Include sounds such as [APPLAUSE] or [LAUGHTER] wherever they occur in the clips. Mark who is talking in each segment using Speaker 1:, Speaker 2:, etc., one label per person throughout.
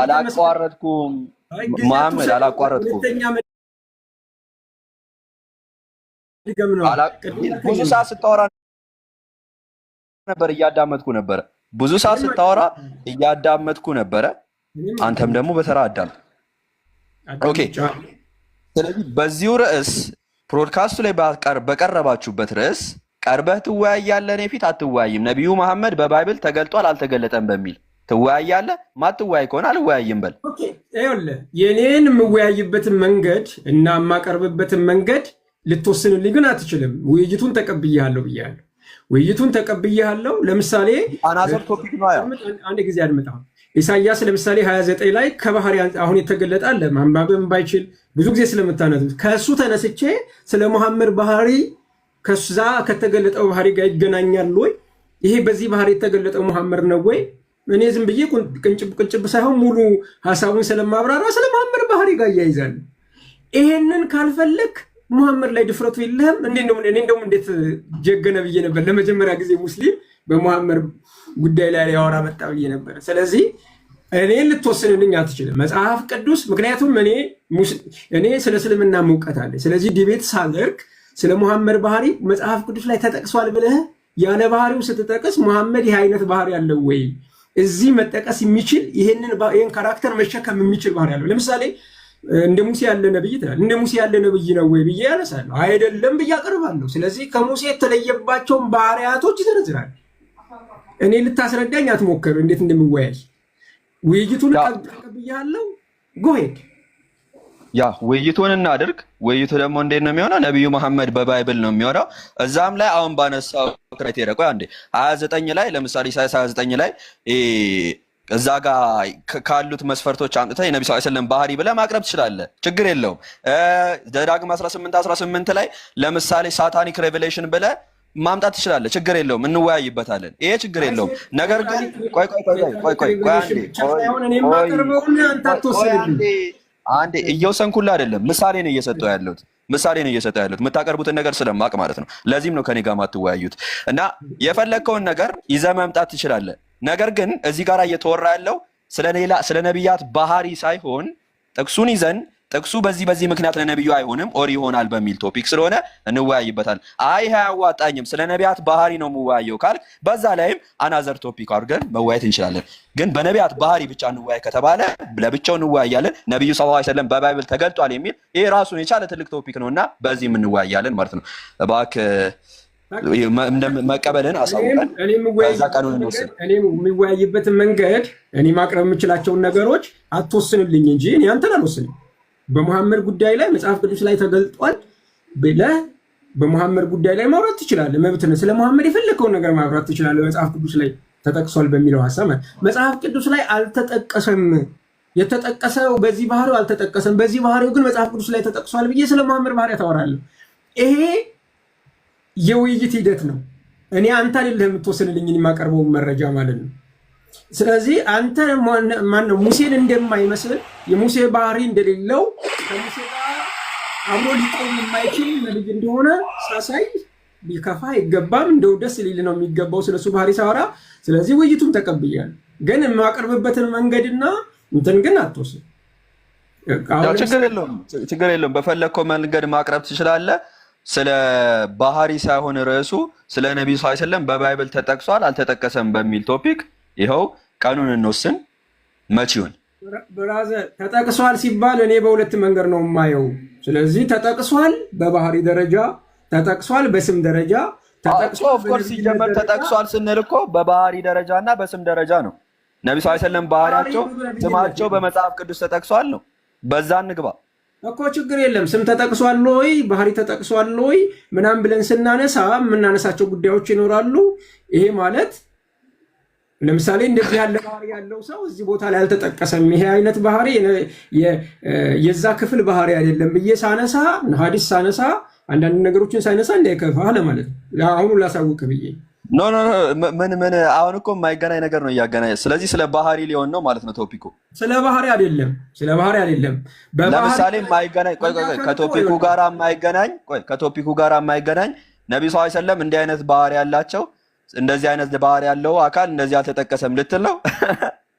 Speaker 1: አላቋረጥኩም መሐመድ አላቋረጥኩም። ብዙ ሰዓት ስታወራ ነበር፣ እያዳመጥኩ ነበረ። ብዙ ሰዓት ስታወራ እያዳመጥኩ ነበረ። አንተም ደግሞ በተራ አዳም። ኦኬ። ስለዚህ በዚሁ ርዕስ ፕሮድካስቱ ላይ በቀረባችሁበት ርዕስ ቀርበህ ትወያያለህ፣ እኔ ፊት አትወያይም። ነቢዩ መሐመድ በባይብል ተገልጧል አልተገለጠም በሚል ትወያያለህ። ማትወያይ ከሆነ አልወያይም በል።
Speaker 2: ይኸውልህ የኔን የምወያይበትን መንገድ እና የማቀርብበትን መንገድ ልትወስንልኝ ግን አትችልም። ውይይቱን ተቀብያለሁ ብያለሁ። ውይይቱን ተቀብያለሁ። ለምሳሌ አንድ ጊዜ አድምጣ። ኢሳያስ ለምሳሌ 29 ላይ ከባህሪ አሁን የተገለጠ አለ ማንባብም ባይችል ብዙ ጊዜ ስለምታነት ከእሱ ተነስቼ ስለ መሐመድ ባህሪ ከዛ ከተገለጠው ባህሪ ጋር ይገናኛል ወይ? ይሄ በዚህ ባህሪ የተገለጠው መሐመድ ነው ወይ እኔ ዝም ብዬ ቅንጭብ ቅንጭብ ሳይሆን ሙሉ ሀሳቡን ስለማብራራ ስለመሐመድ ባህሪ ጋር እያይዛል። ይሄንን ካልፈለግ መሐመድ ላይ ድፍረቱ የለህም። እኔ እንደውም እንዴት ጀገነ ብዬ ነበር። ለመጀመሪያ ጊዜ ሙስሊም በመሐመድ ጉዳይ ላይ ያወራ መጣ ብዬ ነበር። ስለዚህ እኔ ልትወስንልኝ አትችልም መጽሐፍ ቅዱስ። ምክንያቱም እኔ ስለ እስልምና እውቀት አለ። ስለዚህ ዲቤት ሳደርግ ስለ መሐመድ ባህሪ መጽሐፍ ቅዱስ ላይ ተጠቅሷል ብለህ ያለ ባህሪው ስትጠቅስ መሐመድ ይህ አይነት ባህሪ አለው ወይ እዚህ መጠቀስ የሚችል ይህን ካራክተር መሸከም የሚችል ባህሪ ያለው ለምሳሌ እንደ ሙሴ ያለ ነብይ ትላል። እንደ ሙሴ ያለ ነብይ ነው ወይ ብዬ ያነሳለሁ፣ አይደለም ብዬ አቀርባለሁ። ስለዚህ ከሙሴ የተለየባቸውን ባህሪያቶች ይዘረዝራል። እኔ ልታስረዳኝ አትሞክር እንዴት እንደምወያይ ውይይቱን ቀብያለው ጎሄድ
Speaker 1: ያ ውይይቱን እናድርግ። ውይይቱ ደግሞ እንዴት ነው የሚሆነው? ነቢዩ መሐመድ በባይብል ነው የሚሆነው። እዛም ላይ አሁን ባነሳው ክራይቴሪያ ቆይ አንዴ ሀያ ዘጠኝ ላይ ለምሳሌ ኢሳያስ ሀያ ዘጠኝ ላይ እዛ ጋር ካሉት መስፈርቶች አምጥተህ የነቢ ስ ስለም ባህሪ ብለህ ማቅረብ ትችላለህ። ችግር የለውም። ዘዳግም 18 18 ላይ ለምሳሌ ሳታኒክ ሬቬሌሽን ብለህ ማምጣት ትችላለህ። ችግር የለውም፣ እንወያይበታለን። ይሄ ችግር የለውም። ነገር ግን ቆይ ቆይ ቆይ ቆይ ቆይ ቆይ ቆይ አንዴ እየወሰንኩላ አይደለም፣ ምሳሌ ነው እየሰጠው ያለሁት ምሳሌ ነው እየሰጠው ያለሁት የምታቀርቡትን ነገር ስለማቅ ማለት ነው። ለዚህም ነው ከኔ ጋር ማትወያዩት እና የፈለግከውን ነገር ይዘህ መምጣት ትችላለህ። ነገር ግን እዚህ ጋር እየተወራ ያለው ስለሌላ ስለ ነቢያት ባህሪ ሳይሆን ጥቅሱን ይዘን ጥቅሱ በዚህ በዚህ ምክንያት ለነቢዩ አይሆንም ኦር ይሆናል በሚል ቶፒክ ስለሆነ እንወያይበታል። አይ ይህ አያዋጣኝም፣ ስለ ነቢያት ባህሪ ነው የምወያየው ካል በዛ ላይም አናዘር ቶፒክ አድርገን መወያየት እንችላለን። ግን በነቢያት ባህሪ ብቻ እንወያይ ከተባለ ለብቻው እንወያያለን። ነቢዩ ሰለላሁ ዐለይሂ ወሰለም በባይብል ተገልጧል የሚል ይህ ራሱን የቻለ ትልቅ ቶፒክ ነው እና በዚህም እንወያያለን ማለት ነው። እባክህ መቀበልን አሳውቀን
Speaker 2: ከዛ ቀኑን እንወስድ። እኔም የሚወያይበትን መንገድ እኔ ማቅረብ የምችላቸውን ነገሮች አትወስንልኝ እንጂ እኔ አንተን አልወስንም። በመሐመድ ጉዳይ ላይ መጽሐፍ ቅዱስ ላይ ተገልጧል ብለህ በመሐመድ ጉዳይ ላይ ማውራት ትችላለህ፣ መብት ነው። ስለ መሐመድ የፈለከውን ነገር ማብራት ትችላለህ። መጽሐፍ ቅዱስ ላይ ተጠቅሷል በሚለው ሀሳብ መጽሐፍ ቅዱስ ላይ አልተጠቀሰም። የተጠቀሰው በዚህ ባህሪው አልተጠቀሰም። በዚህ ባህሪው ግን መጽሐፍ ቅዱስ ላይ ተጠቅሷል ብዬ ስለ መሐመድ ባህሪያ ታወራለህ። ይሄ የውይይት ሂደት ነው። እኔ አንተ አይደለህ የምትወስንልኝ የማቀርበውን መረጃ ማለት ነው። ስለዚህ አንተ ማነው ሙሴን እንደማይመስል የሙሴ ባህሪ እንደሌለው ከሙሴ ጋር አብሮ ሊቆም የማይችል ነብይ እንደሆነ ሳሳይ ሊከፋ አይገባም። እንደው ደስ ሊል ነው የሚገባው ስለሱ ባህሪ ሳወራ። ስለዚህ ውይይቱን ተቀብያል፣ ግን የማቀርብበትን መንገድና እንትን ግን አትወስድ።
Speaker 1: ችግር የለውም። በፈለግከው መንገድ ማቅረብ ትችላለህ። ስለ ባህሪ ሳይሆን ርዕሱ ስለ ነቢዩ ሰለም በባይብል ተጠቅሷል አልተጠቀሰም በሚል ቶፒክ ይኸው ቀኑን እንወስን። መቼውን
Speaker 2: ብራዘር ተጠቅሷል ሲባል እኔ በሁለት መንገድ ነው የማየው። ስለዚህ ተጠቅሷል በባህሪ ደረጃ ተጠቅሷል በስም ደረጃ
Speaker 1: ተጠቅሷል። ሲጀመር ተጠቅሷል ስንል እኮ በባህሪ ደረጃ እና በስም ደረጃ ነው። ነቢ ስ ሰለም ባህሪያቸው ስማቸው በመጽሐፍ ቅዱስ ተጠቅሷል ነው። በዛ እንግባ
Speaker 2: እኮ ችግር የለም። ስም ተጠቅሷል ወይ ባህሪ ተጠቅሷል ወይ ምናምን ብለን ስናነሳ የምናነሳቸው ጉዳዮች ይኖራሉ። ይሄ ማለት ለምሳሌ እንደዚህ ያለ ባህሪ ያለው ሰው እዚህ ቦታ ላይ አልተጠቀሰም። ይሄ አይነት ባህሪ የዛ ክፍል ባህሪ አይደለም ብዬ ሳነሳ ሀዲስ ሳነሳ አንዳንድ ነገሮችን ሳይነሳ እንዳይከፋህ ለማለት ነው። አሁኑ ላሳውቅ ብዬ
Speaker 1: ኖ ኖ ምን ምን አሁን እኮ የማይገናኝ ነገር ነው እያገናኝ። ስለዚህ ስለ ባህሪ ሊሆን ነው ማለት ነው ቶፒኩ።
Speaker 2: ስለ ባህሪ አይደለም፣ ስለ ባህሪ አይደለም።
Speaker 1: ለምሳሌ የማይገናኝ ከቶፒኩ ጋር የማይገናኝ ከቶፒኩ ጋር የማይገናኝ ነቢ ስ ሰለም እንዲህ አይነት ባህሪ ያላቸው እንደዚህ አይነት ባህሪ ያለው አካል እንደዚህ አልተጠቀሰም ልትል ነው። [LAUGHS]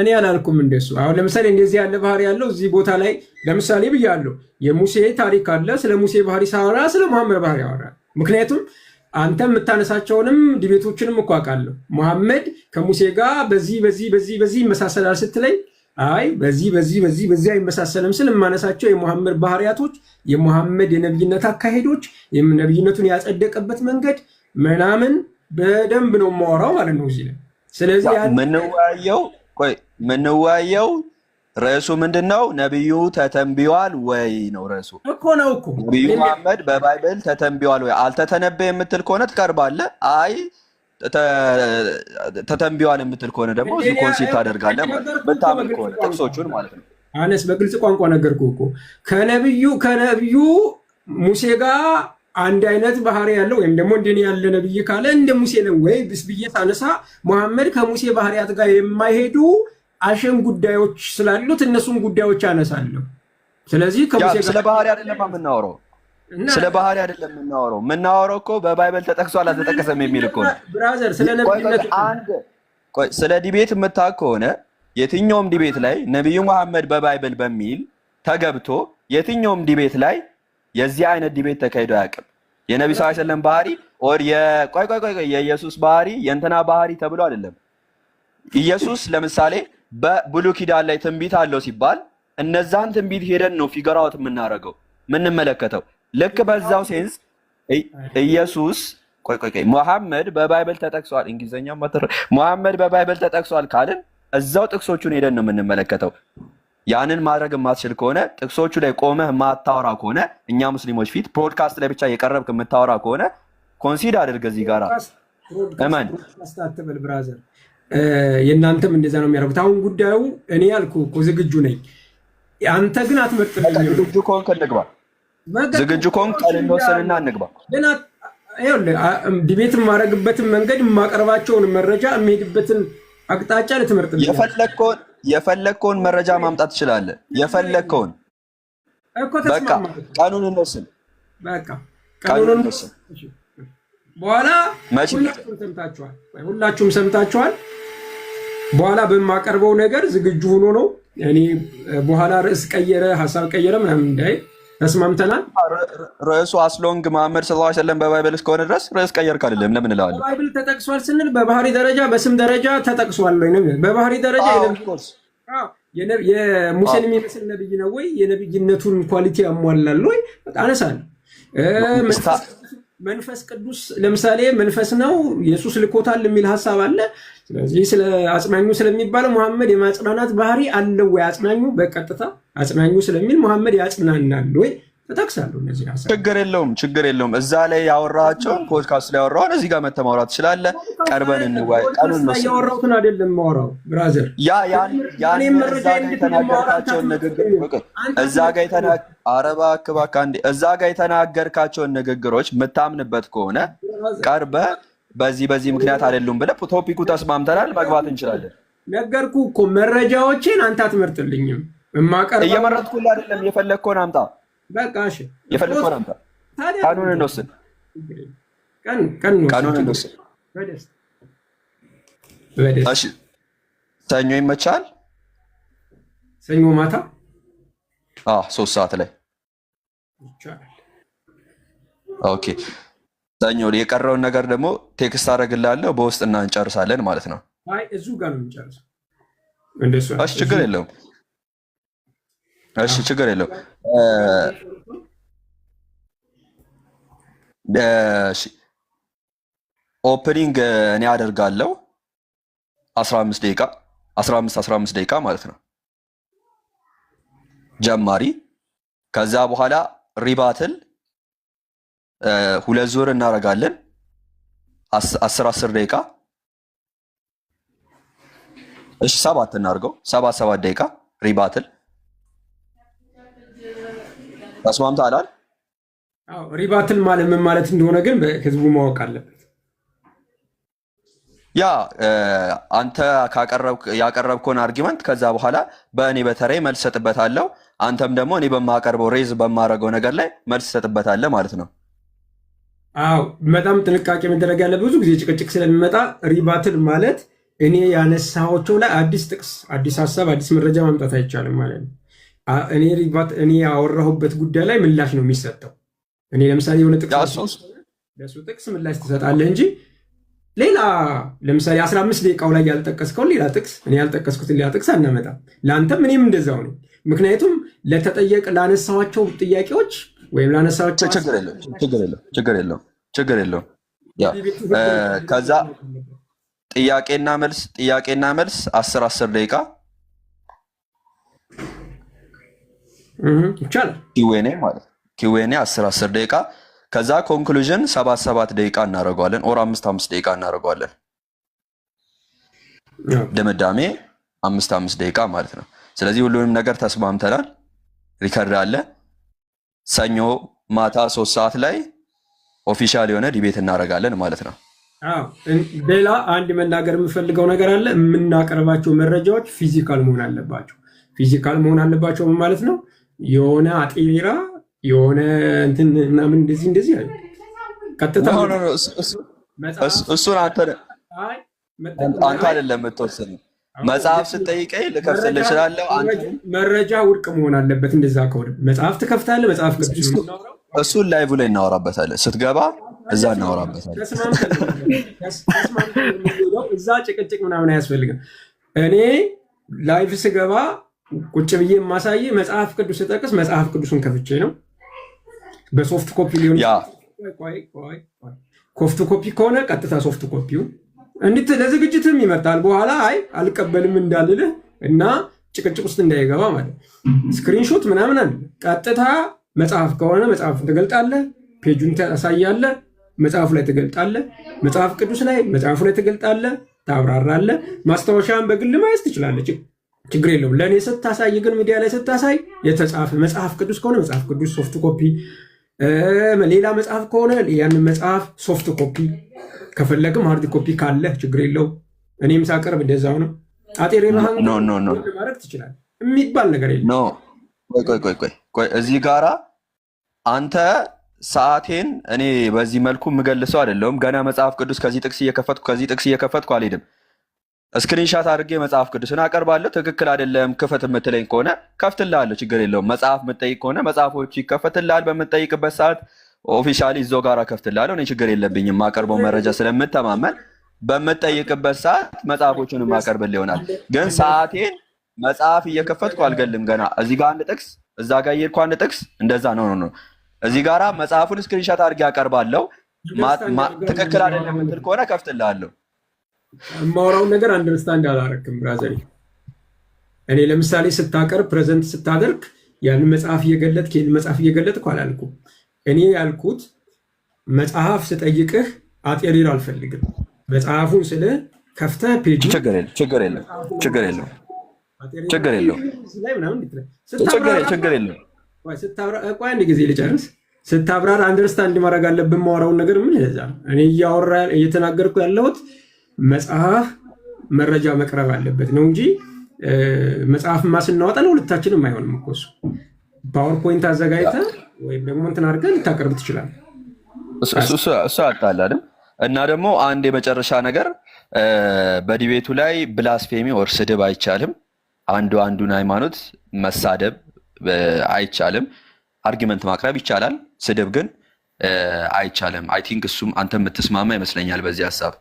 Speaker 2: እኔ አላልኩም እንደሱ። አሁን ለምሳሌ እንደዚህ ያለ ባህሪ ያለው እዚህ ቦታ ላይ ለምሳሌ ብያለሁ። የሙሴ ታሪክ አለ። ስለ ሙሴ ባህሪ ሳወራ ስለ መሐመድ ባህሪ ያወራ። ምክንያቱም አንተ የምታነሳቸውንም ዲቤቶችንም እኮ አውቃለሁ። መሐመድ ከሙሴ ጋር በዚህ በዚህ በዚህ በዚህ ይመሳሰላል ስትለኝ አይ በዚህ በዚህ በዚህ በዚህ አይመሳሰልም ስል የማነሳቸው የሙሐመድ ባህሪያቶች፣ የሙሐመድ የነብይነት አካሄዶች፣ ነብይነቱን ያጸደቀበት መንገድ ምናምን በደንብ ነው የማወራው ማለት ነው እዚህ ላይ።
Speaker 1: ስለዚህ ምንወያየው ቆይ ምንወያየው ርዕሱ ምንድን ነው? ነቢዩ ተተንቢዋል ወይ ነው ርዕሱ እኮ ነው እኮ ነቢዩ ሙሐመድ በባይብል ተተንቢዋል ወይ? አልተተነበ የምትል ከሆነ ትቀርባለህ። አይ ተተንቢዋን የምትል ከሆነ ደግሞ እዚህ ኮንሴፕት ታደርጋለህ ምታምን ከሆነ ጥቅሶቹን ማለት ነው።
Speaker 2: አነስ በግልጽ ቋንቋ ነገርኩህ እኮ ከነብዩ ከነብዩ ሙሴ ጋር አንድ አይነት ባህሪ ያለው ወይም ደግሞ እንደኔ ያለ ነብይ ካለ እንደ ሙሴ ነው ወይ ብዬ ሳነሳ መሐመድ ከሙሴ ባህሪያት ጋር የማይሄዱ አሸን ጉዳዮች ስላሉት እነሱም ጉዳዮች አነሳለሁ። ስለዚህ
Speaker 1: ከሙሴ ስለ ባህሪ አይደለም የምናወራው ስለ ባህሪ አይደለም የምናወራው። የምናወራው እኮ በባይበል ተጠቅሶ አላልተጠቀሰም የሚል እኮ ስለ ዲቤት የምታውቅ ከሆነ የትኛውም ዲቤት ላይ ነቢዩ መሐመድ በባይብል በሚል ተገብቶ የትኛውም ዲቤት ላይ የዚህ አይነት ዲቤት ተካሂዶ አያውቅም። የነቢ ስ ሰለም ባህሪ ኦር ቆይ ቆይ ቆይ የኢየሱስ ባህሪ የእንትና ባህሪ ተብሎ አይደለም። ኢየሱስ ለምሳሌ በብሉይ ኪዳን ላይ ትንቢት አለው ሲባል እነዛን ትንቢት ሄደን ነው ፊገራውት የምናደርገው ምንመለከተው ልክ በዛው ሴንስ ኢየሱስ ቆይ ቆይ ቆይ መሐመድ በባይብል ተጠቅሷል፣ እንግሊዘኛ ማተር መሐመድ በባይብል ተጠቅሷል ካልን እዛው ጥቅሶቹን ሄደን ነው የምንመለከተው። ያንን ማድረግ የማትችል ከሆነ ጥቅሶቹ ላይ ቆመህ ማታወራ ከሆነ እኛ ሙስሊሞች ፊት ፖድካስት ላይ ብቻ የቀረብክ የምታወራ ከሆነ ኮንሲድ አድርገ እዚህ ጋር እመን
Speaker 2: አትበል ብራዘር። የእናንተም እንደዛ ነው የሚያደርጉት። አሁን ጉዳዩ እኔ ያልኩ እኮ ዝግጁ ነኝ፣ አንተ ግን አትመርጥም።
Speaker 1: ዝግጁ ከሆንክ እንግባ ዝግጁ ከሆንክ ቃል እንወሰንና እንግባ።
Speaker 2: ዲቤት የማደርግበትን መንገድ የማቀርባቸውን መረጃ የሚሄድበትን አቅጣጫ ልትመርጥልኝ
Speaker 1: የፈለግከውን መረጃ ማምጣት ትችላለህ። የፈለግከውን በቃ ቀኑን እንወስን።
Speaker 2: ቀኑን በኋላ ሰምታችኋል፣ ሁላችሁም ሰምታችኋል። በኋላ በማቀርበው ነገር ዝግጁ ሆኖ ነው እኔ በኋላ ርዕስ ቀየረ፣ ሀሳብ ቀየረ ምናምን እንዳይ ተስማምተናል።
Speaker 1: ርዕሱ አስሎንግ መሐመድ ስ ሰለም በባይብል እስከሆነ ድረስ ርዕስ ቀየርክ አይደለም። ለምን እላለሁ።
Speaker 2: ባይብል ተጠቅሷል ስንል በባህሪ ደረጃ በስም ደረጃ ተጠቅሷል ወይ በባህሪ ደረጃ የሙሴን የሚመስል ነብይ ነው ወይ? የነብይነቱን ኳሊቲ ያሟላል ወይ? አነሳለሁ። መንፈስ ቅዱስ ለምሳሌ መንፈስ ነው ኢየሱስ ልኮታል የሚል ሀሳብ አለ። ስለዚህ ስለ አጽናኙ ስለሚባለው መሐመድ የማጽናናት ባህሪ አለው ወይ? አጽናኙ በቀጥታ አጽናኙ ስለሚል መሐመድ ያጽናናል ወይ? ተጠቅሳሉ።
Speaker 1: እነዚህ ችግር የለውም ችግር የለውም። እዛ ላይ ያወራቸውን ፖድካስት ላይ ያወራውን እዚህ ጋር መተህ ማውራት ትችላለህ። ቀርበን እንዋይ። ቀኑን መስ
Speaker 2: ያወራሁትን አይደለም ማውራው ብራዘር፣
Speaker 1: ያ ያን ያን እዛ ጋር የተናገርካቸውን ንግግሮች እዛ ጋር የተና አረባ እባክህ አንዴ እዛ ጋር የተናገርካቸውን ንግግሮች የምታምንበት ከሆነ ቀርበህ በዚህ በዚህ ምክንያት አይደሉም ብለህ ቶፒኩ ተስማምተናል፣ መግባት እንችላለን።
Speaker 2: ነገርኩ እኮ መረጃዎችን አንተ አትመርጥልኝም። እማቀር
Speaker 1: እየመረጥኩልህ አይደለም። የፈለግከውን አምጣ፣ በቃ እሺ፣ የፈለግከውን አምጣ። ቀኑን እንወስን፣ ቀኑን እንወስን። እሺ፣ ሰኞ ይመቻል? ሰኞ ማታ ሶስት ሰዓት ላይ ይቻላል። ኦኬ ዛኛው የቀረውን ነገር ደግሞ ቴክስት አደረግልሃለሁ በውስጥ እና እንጨርሳለን ማለት ነው። እሺ ችግር የለውም። እሺ ችግር የለው። ኦፕኒንግ እኔ አደርጋለው 15 ደቂቃ 15 15 ደቂቃ ማለት ነው ጀማሪ። ከዛ በኋላ ሪባትል ሁለት ዙር እናደርጋለን። አስር አስር ደቂቃ እሺ፣ ሰባት እናድርገው። ሰባት ሰባት ደቂቃ ሪባትል ተስማምታ አላል።
Speaker 2: ሪባትል ማለት ምን ማለት እንደሆነ ግን ህዝቡ ማወቅ አለበት።
Speaker 1: ያ አንተ ያቀረብከውን አርጊመንት ከዛ በኋላ በእኔ በተራዬ መልስ ሰጥበታለሁ። አንተም ደግሞ እኔ በማቀርበው ሬዝ በማደርገው ነገር ላይ መልስ ሰጥበታለህ ማለት ነው።
Speaker 2: አዎ በጣም ጥንቃቄ መደረግ ያለ ብዙ ጊዜ ጭቅጭቅ ስለሚመጣ ሪባትል ማለት እኔ ያነሳዎቸው ላይ አዲስ ጥቅስ፣ አዲስ ሀሳብ፣ አዲስ መረጃ ማምጣት አይቻልም ማለት ነው። እኔ ሪባት እኔ ያወራሁበት ጉዳይ ላይ ምላሽ ነው የሚሰጠው። እኔ ለምሳሌ የሆነ ጥቅስ ለሱ ጥቅስ ምላሽ ትሰጣለህ እንጂ ሌላ ለምሳሌ 15 ደቂቃው ላይ ያልጠቀስከውን ሌላ ጥቅስ እኔ ያልጠቀስኩትን ሌላ ጥቅስ አናመጣም። ለአንተም እኔም እንደዛው ነው። ምክንያቱም ለተጠየቅ ላነሳኋቸው ጥያቄዎች ወይም ላነሳቸው
Speaker 1: ችግር የለውም ችግር የለውም። ከዛ ጥያቄና መልስ ጥያቄና መልስ አስር አስር ደቂቃ ይቻላል። ኪዌኔ ማለት ኪዌኔ አስር አስር ደቂቃ ከዛ ኮንክሉዥን ሰባት ሰባት ደቂቃ እናደርገዋለን። ኦር አምስት አምስት ደቂቃ እናደርገዋለን። ድምዳሜ አምስት አምስት ደቂቃ ማለት ነው። ስለዚህ ሁሉንም ነገር ተስማምተናል። ሪከርድ አለ። ሰኞ ማታ ሶስት ሰዓት ላይ ኦፊሻል የሆነ ዲቤት እናደርጋለን ማለት ነው።
Speaker 2: ሌላ አንድ መናገር የምፈልገው ነገር አለ። የምናቀርባቸው መረጃዎች ፊዚካል መሆን አለባቸው። ፊዚካል መሆን አለባቸው ማለት ነው። የሆነ አጤራ የሆነ እንትን ምናምን እንደዚህ እንደዚህ አለ።
Speaker 1: ቀጥታ እሱን አንተ አይደለም የምትወስነው መጽሐፍ ስጠይቀኝ ልከፍትልህ እችላለሁ።
Speaker 2: መረጃ ውድቅ መሆን አለበት። እንደዛ ከሆነ መጽሐፍ ትከፍታለህ። መጽሐፍ
Speaker 1: እሱን ላይቭ ላይ እናወራበታለን። ስትገባ እዛ እናወራበታለን።
Speaker 2: እዛ ጭቅጭቅ ምናምን አያስፈልግም። እኔ ላይቭ ስገባ ቁጭ ብዬ የማሳይ መጽሐፍ ቅዱስ ስጠቅስ መጽሐፍ ቅዱሱን ከፍቼ ነው። በሶፍት ኮፒ ሊሆን ኮፍት ኮፒ ከሆነ ቀጥታ ሶፍት ኮፒውን እንድት ለዝግጅትም ይመጣል። በኋላ አይ አልቀበልም እንዳልልህ እና ጭቅጭቅ ውስጥ እንዳይገባ ማለት ስክሪንሾት ምናምን አለ። ቀጥታ መጽሐፍ ከሆነ መጽሐፍ ትገልጣለህ፣ ፔጁን ታሳያለህ፣ መጽሐፉ ላይ ትገልጣለህ፣ መጽሐፍ ቅዱስ ላይ መጽሐፉ ላይ ትገልጣለህ፣ ታብራራለህ። ማስታወሻን በግል ማየት ትችላለህ፣ ችግር የለውም። ለእኔ ስታሳይ ግን ሚዲያ ላይ ስታሳይ የተጻፈ መጽሐፍ ቅዱስ ከሆነ መጽሐፍ ቅዱስ ሶፍት ኮፒ፣ ሌላ መጽሐፍ ከሆነ ያንን መጽሐፍ ሶፍት ኮፒ ከፈለግም ሀርድ ኮፒ ካለ ችግር የለው። እኔም ሳቀርብ እንደዛው ነው። አጤሬ
Speaker 1: ማድረግ
Speaker 2: የሚባል ነገር
Speaker 1: የለም። እዚህ ጋራ አንተ ሰዓቴን እኔ በዚህ መልኩ የምገልሰው አይደለውም ገና መጽሐፍ ቅዱስ ከዚህ ጥቅስ እየከፈትኩ ከዚህ ጥቅስ እየከፈትኩ አልሄድም። እስክሪንሻት አድርጌ መጽሐፍ ቅዱስን አቀርባለሁ። ትክክል አይደለም ክፈት የምትለኝ ከሆነ ከፍትልሃለሁ፣ ችግር የለውም። መጽሐፍ የምጠይቅ ከሆነ መጽሐፎቹ ይከፈትልሃል በምጠይቅበት ሰዓት ኦፊሻሊ እዛው ጋር ከፍትላለሁ። እኔ ችግር የለብኝም። የማቀርበው መረጃ ስለምተማመን በምጠይቅበት ሰዓት መጽሐፎቹን የማቀርብል ይሆናል። ግን ሰዓቴን መጽሐፍ እየከፈትኩ አልገልም። ገና እዚህ ጋር አንድ ጥቅስ፣ እዛ ጋር እየሄድኩ አንድ ጥቅስ፣ እንደዛ ነው ነው። እዚህ ጋር መጽሐፉን ስክሪንሻት አድርጌ አቀርባለሁ። ትክክል አይደለም የምትል ከሆነ ከፍትላለሁ።
Speaker 2: የማወራውን ነገር አንደርስታንድ አላረክም ብራዘሪ። እኔ ለምሳሌ ስታቀርብ ፕሬዘንት ስታደርግ ያንን መጽሐፍ እየገለጥክ ይህን መጽሐፍ እየገለጥኩ አላልኩም። እኔ ያልኩት መጽሐፍ ስጠይቅህ አጤሪር አልፈልግም። መጽሐፉን ስለ ከፍተ ፔጅ
Speaker 1: ችግር ችግር የለውም ችግር የለውም።
Speaker 2: ቆይ አንድ ጊዜ ልጨርስ። ስታብራር አንደርስታንድ ማድረግ አለብን። ማወራውን ነገር ምን ለዛ እኔ እያወራ እየተናገርኩ ያለሁት መጽሐፍ መረጃ መቅረብ አለበት ነው እንጂ መጽሐፍማ ስናወጣ ለሁለታችንም አይሆንም እኮ እሱ ፓወርፖይንት አዘጋጅተህ ወይም ደግሞ እንትን አድርገህ ልታቀርብ ትችላለህ።
Speaker 1: እሱ አጣል እና ደግሞ አንድ የመጨረሻ ነገር በዲቤቱ ላይ ብላስፌሚ ወር ስድብ አይቻልም። አንዱ አንዱን ሃይማኖት መሳደብ አይቻልም። አርጊመንት ማቅረብ ይቻላል፣ ስድብ ግን አይቻልም። አይ ቲንክ እሱም አንተ የምትስማማ ይመስለኛል በዚህ ሀሳብ።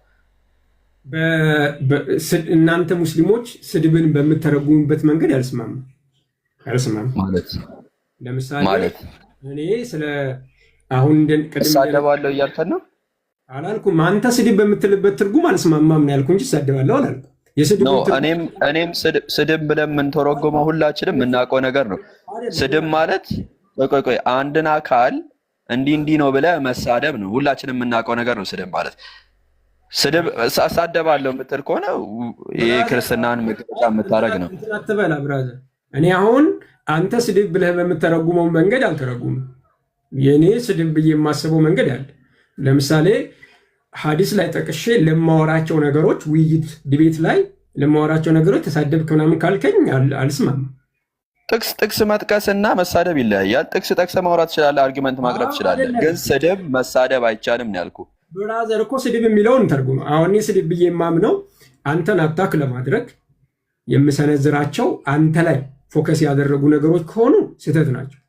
Speaker 2: እናንተ ሙስሊሞች ስድብን በምተረጉሙበት መንገድ ያልስማማ ያልስማማ ማለት ለምሳሌ እኔ ስለ አሁን
Speaker 1: እሳደባለሁ እያልከን ነው
Speaker 2: አላልኩም። አንተ ስድብ በምትልበት ትርጉም አልስማማም ነው ያልኩ እንጂ እሳደባለሁ አላልኩም።
Speaker 1: እኔም ስድብ ብለን የምንተረጎመው ሁላችንም የምናውቀው ነገር ነው። ስድብ ማለት ቆይ ቆይ አንድን አካል እንዲህ እንዲህ ነው ብለህ መሳደብ ነው። ሁላችንም የምናውቀው ነገር ነው ስድብ ማለት። ስድብ አሳደባለሁ የምትል ከሆነ ይህ ክርስትናን መግለጫ የምታደርግ ነው።
Speaker 2: እኔ አሁን አንተ ስድብ ብለህ በምተረጉመው መንገድ አልተረጉም። የእኔ ስድብ ብዬ የማስበው መንገድ አለ። ለምሳሌ ሀዲስ ላይ ጠቅሼ ለማወራቸው ነገሮች ውይይት ድቤት ላይ ለማወራቸው ነገሮች ተሳደብክ ምናምን ካልከኝ አልስማም።
Speaker 1: ጥቅስ ጥቅስ መጥቀስ እና መሳደብ ይለያያል። ጥቅስ ጠቅሰ ማውራት ትችላለህ፣ አርጊመንት ማቅረብ ትችላለህ። ግን ስድብ መሳደብ አይቻልም ያልኩ
Speaker 2: ብራዘር እኮ ስድብ የሚለውን ተርጉም። አሁን እኔ ስድብ ብዬ የማምነው አንተን አታክ ለማድረግ የምሰነዝራቸው አንተ ላይ ፎከስ ያደረጉ ነገሮች ከሆኑ ስህተት ናቸው።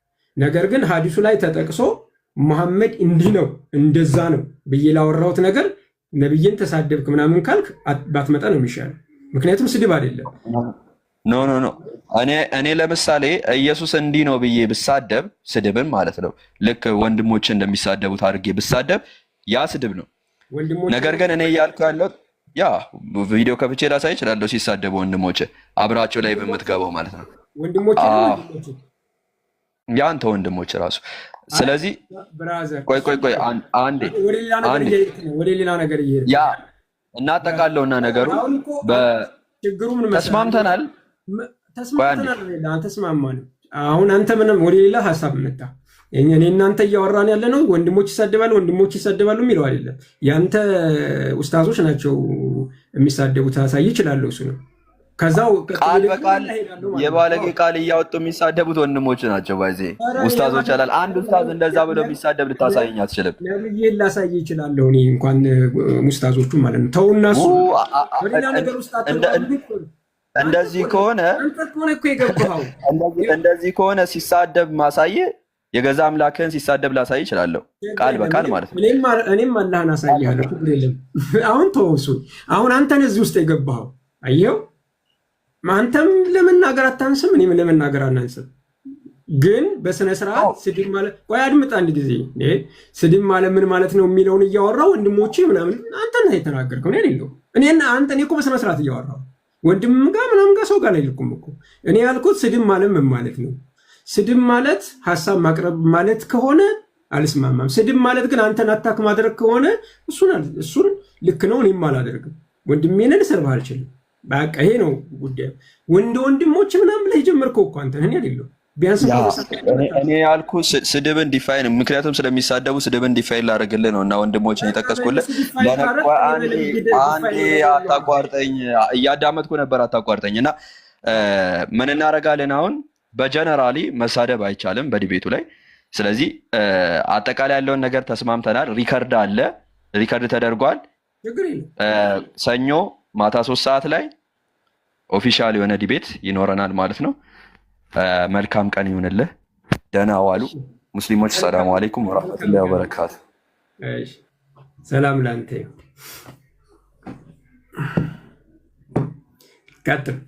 Speaker 2: ነገር ግን ሀዲሱ ላይ ተጠቅሶ መሐመድ እንዲህ ነው እንደዛ ነው ብዬ ላወራሁት ነገር ነብይን ተሳደብክ ምናምን ካልክ ባትመጣ ነው የሚሻለው። ምክንያቱም ስድብ አይደለም።
Speaker 1: ኖ ኖ ኖ እኔ ለምሳሌ ኢየሱስ እንዲህ ነው ብዬ ብሳደብ ስድብን ማለት ነው፣ ልክ ወንድሞች እንደሚሳደቡት አድርጌ ብሳደብ ያ ስድብ ነው። ነገር ግን እኔ እያልኩ ያለው ያ ቪዲዮ ከፍቼ ላሳይ እችላለሁ። ሲሳደቡ ወንድሞች አብራቸው ላይ በምትገባው ማለት ነው ያንተ ወንድሞች ራሱ። ስለዚህ ቆይ ቆይ ቆይ አንዴ ያ እናጠቃለውና ነገሩ ተስማምተናል።
Speaker 2: ተስማምተናል። አሁን አንተ ምንም ወደ ሌላ ሀሳብ መጣ እኔ እናንተ እያወራን ያለ ነው ወንድሞች ይሳደባሉ ወንድሞች ይሳደባሉ የሚለው አይደለም። ያንተ ውስታዞች ናቸው የሚሳደቡት። አሳይ ይችላሉ። እሱ ነው ከዛው
Speaker 1: ቃል በቃል የባለጌ ቃል እያወጡ የሚሳደቡት ወንድሞች ናቸው። ባይዜ ውስታዞች አላል አንድ ውስታዝ እንደዛ ብሎ የሚሳደብ ልታሳየኝ አትችልም።
Speaker 2: ነብዬ ላሳይ ይችላለሁ እኔ እንኳን ውስታዞቹ ማለት ነው። ተው እነሱ
Speaker 1: እንደዚህ ከሆነ
Speaker 2: [LAUGHS]
Speaker 1: እንደዚህ ከሆነ ሲሳደብ ማሳየ የገዛ አምላክህን ሲሳደብ ላሳይ እችላለሁ፣ ቃል በቃል ማለት ነው።
Speaker 2: እኔም አላህን አሳያለሁ። አሁን ተወሱ። አሁን አንተን እዚህ ውስጥ የገባኸው አየው። አንተም ለመናገር አታንስም፣ እኔም ለመናገር አናንስም። ግን በስነ ስርዓት ስድብ ማለት ቆይ አድምጥ አንድ ጊዜ ስድብ ማለት ምን ማለት ነው የሚለውን እያወራው ወንድሞቼ ምናምን አንተን የተናገርከው እኔ ሌለው እኔና አንተ እኔ እኮ በስነ ስርዓት እያወራው ወንድም ጋር ምናምን ጋር ሰው ጋር ላይ ልኩም እኮ እኔ ያልኩት ስድብ ማለት ምን ማለት ነው ስድብ ማለት ሀሳብ ማቅረብ ማለት ከሆነ አልስማማም። ስድብ ማለት ግን አንተን አታክ ማድረግ ከሆነ እሱን ልክ ነው፣ እኔም አላደርግም። ወንድሜን ልሰርብህ አልችልም። በቃ ይሄ ነው ጉዳዩ። ወንድ ወንድሞች ምናምን ብለህ የጀመርከው እኮ አንተ እኔ አይደለሁ። ቢያንስ
Speaker 1: እኔ ያልኩ ስድብን ዲፋይን ምክንያቱም ስለሚሳደቡ ስድብን ዲፋይን ላደርግልህ ነው እና ወንድሞችን የጠቀስኩልህ። አንዴ አታቋርጠኝ፣ እያዳመጥኩ ነበር አታቋርጠኝ። እና ምን እናደርጋለን አሁን በጀነራሊ መሳደብ አይቻልም በዲቤቱ ላይ። ስለዚህ አጠቃላይ ያለውን ነገር ተስማምተናል። ሪከርድ አለ፣ ሪከርድ ተደርጓል። ሰኞ ማታ ሶስት ሰዓት ላይ ኦፊሻል የሆነ ዲቤት ይኖረናል ማለት ነው። መልካም ቀን ይሁንልህ። ደህና ዋሉ ሙስሊሞች። ሰላሙ አለይኩም ወራህመቱላሂ ወበረካቱ።
Speaker 2: ሰላም ለአንተ። ቀጥል